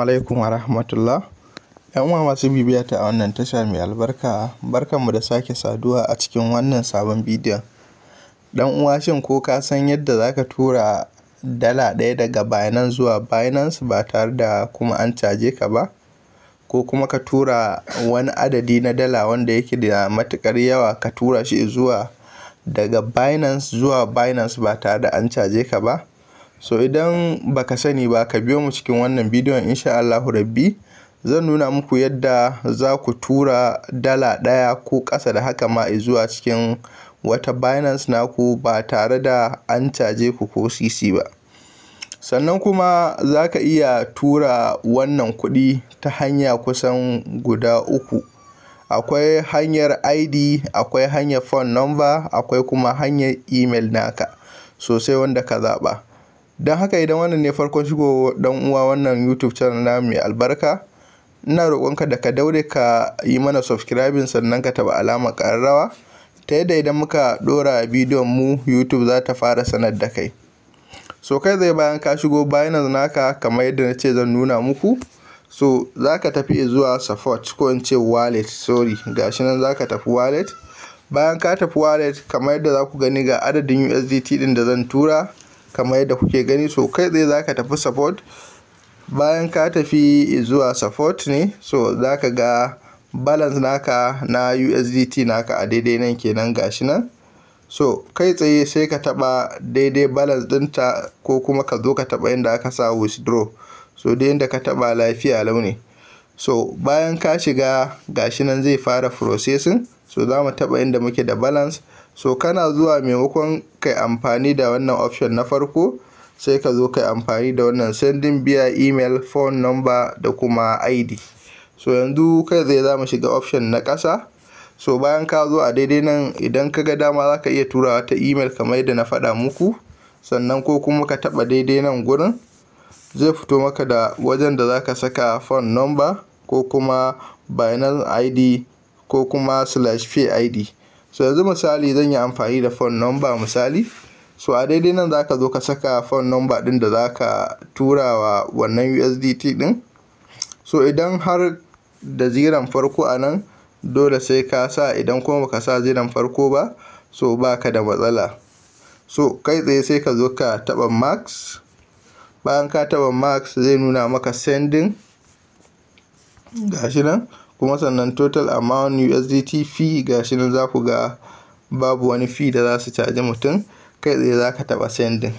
alaikum wa rahmatullah. ‘Yan uwa masu bibiya ta a wannan tasha mai albarka, barkanmu da sake saduwa a cikin wannan sabon bidiyon. Dan uwa shin ko ka san yadda za ka tura dala ɗaya daga Binance zuwa Binance ba tare da kuma an caje ka ba? Ko kuma ka tura wani adadi na dala wanda yake da matukar yawa ka tura shi zuwa daga Binance zuwa Binance ba tare da an caje ka ba? So idan baka sani ba ka biyo mu cikin wannan bidiyon insha Allahu rabbi zan nuna muku yadda za ku tura dala ɗaya ko ƙasa da haka ma zuwa cikin wata Binance naku ba tare da an caje ku ko cc ba. Sannan kuma za ka iya tura wannan kuɗi ta hanya kusan guda uku. akwai hanyar ID, akwai hanyar phone number, akwai kuma hanyar email naka, sosai wanda ka zaɓa. Don haka idan wannan ne farkon shigo dan uwa wannan YouTube channel na mai albarka, ina roƙonka da ka daure ka yi mana subscribing sannan ka taba alama ƙararrawa ta yadda idan muka ɗora bidiyon mu YouTube za ta fara sanar da kai. So kai zai bayan ka shigo yanzu naka kamar yadda na ce zan nuna muku. So za ka tafi zuwa support ko in ce wallet sorry gashi nan za ka tafi wallet. Bayan ka tafi wallet kamar yadda za ku gani ga adadin USDT ɗin da zan tura. kamar yadda kuke gani so kai tsaye za ka tafi support bayan ka tafi zuwa support ne so za ka ga balance naka na USDT naka a daidai nan kenan gashi nan so kai tsaye sai ka taba daidai balance dinta ko kuma ka zo ka taba inda aka sa withdraw so dai inda ka taba lafiya launi so bayan ka shiga gashi nan zai fara processing so za mu taba inda muke da balance so kana zuwa maimakon kai amfani da wannan option na farko sai ka zo kai amfani da wannan sending biya email phone number da kuma id so yanzu kai zai za mu shiga option na ƙasa so bayan ka zo a daidai nan idan ka ga dama za ka iya turawa ta email kamar yadda na faɗa muku sannan ko kuma ka taɓa daidai nan gurin zai fito maka da wajen da za ka saka phone number ko kuma binance id ko kuma slash pay id so yanzu misali zan yi amfani da phone number misali so a daidai nan za ka zo ka saka phone number ɗin da za ka tura wa wannan usdt ɗin so idan har da ziran farko a nan dole sai ka sa idan kuma baka sa ziran farko ba so baka da matsala so kai tsaye sai ka zo ka taba max bayan ka taɓa max zai nuna maka sending gashi nan kuma sannan total amount USDT fee ga shi nan za ku ga babu wani fee da za su caji mutum kai tsaye za ka taɓa sending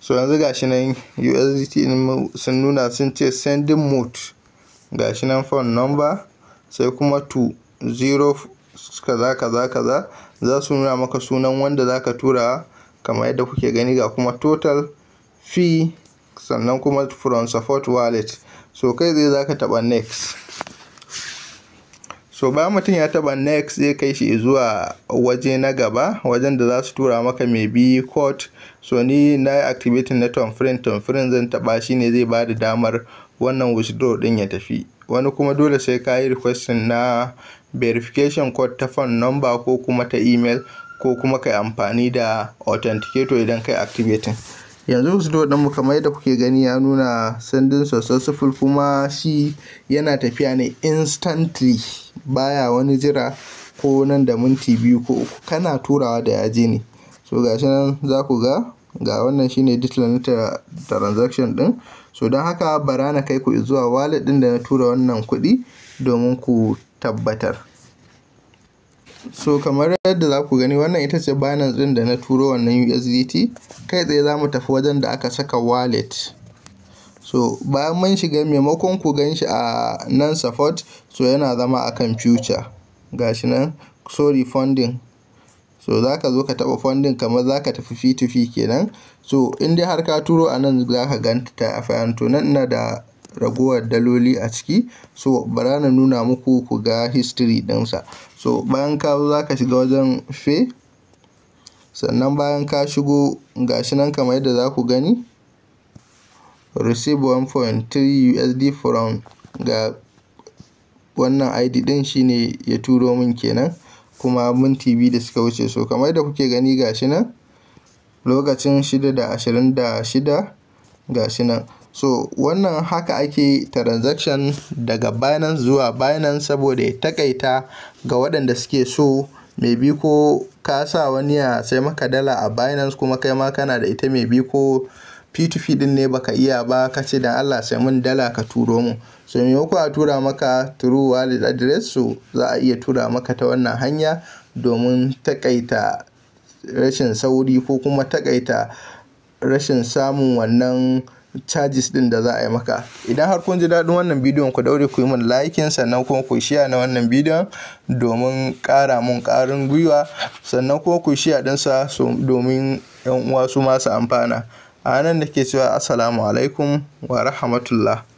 so yanzu ga shi nan USDT sun nuna sun ce sending mode ga shi nan phone number sai kuma to zero kaza kaza kaza za su nuna maka sunan wanda za ka tura kamar yadda kuke gani ga kuma total fee sannan kuma from support wallet so kai tsaye za ka taɓa next so bayan mutum ya taba nex zai kai shi zuwa waje na gaba wajen da za su tura maka mai bi court so ni na yi activating na tom tom friend zan taba shi ne zai bada damar wannan withdraw din ya tafi wani kuma dole sai ka yi requesting na verification code ta phone number ko kuma ta email ko kuma kai amfani da authenticator idan kai activating yanzu slow mu kamar yadda kuke gani ya nuna sosai sufur kuma shi yana tafiya ne instantly baya wani jira ko nan da minti biyu ko uku kana turawa da yaje ne so ga shi nan za ku ga ga wannan shine digital ta transaction din so don haka bara na kai ku zuwa wallet din da na tura wannan kuɗi domin ku tabbatar So kamar yadda za ku gani wannan ita ce Binance ɗin da na turo wannan USDT. Kai tsaye za mu tafi wajen da aka saka wallet. So bayan mun shiga maimakon ku gan shi a nan support so yana zama a kan future. Gashi nan sorry funding. So za ka zo ka taba funding kamar za ka tafi p kenan. So in dai har ka turo a nan za ka ganta ta fayan to nan ina da ragowar daloli a ciki so bara na nuna muku ku ga history ɗinsa so bayan ka zo zaka shiga wajen fe sannan bayan ka shigo gashi nan kamar yadda za ku gani receive 1.3 usd from ga wannan id din shine ya turo min kenan kuma minti biyu da suka wuce so kamar yadda kuke gani gashi nan lokacin 6 da 26 gashi nan So wannan haka ake transaction daga Binance zuwa Binance saboda ya takaita ga waɗanda suke so. Maybe ko ka sa wani ya sai maka dala a Binance kuma kai ma kana da ita mai maybe ko P2P din ne baka iya ba ka ce dan Allah sai mun dala ka turo mu So maimako a tura maka true wallet address so za a iya tura maka ta wannan hanya domin takaita rashin sauri ko kuma takaita rashin samun wannan charges din da za a yi maka idan har kun ji daɗin wannan bidiyon ku daure ku yi min likin sannan kuma ku shiya na wannan bidiyon domin ƙara mun ƙarin gwiwa sannan kuma ku shiya ɗinsa domin yan uwa su masu amfana a nan da ke cewa assalamu alaikum wa rahmatullah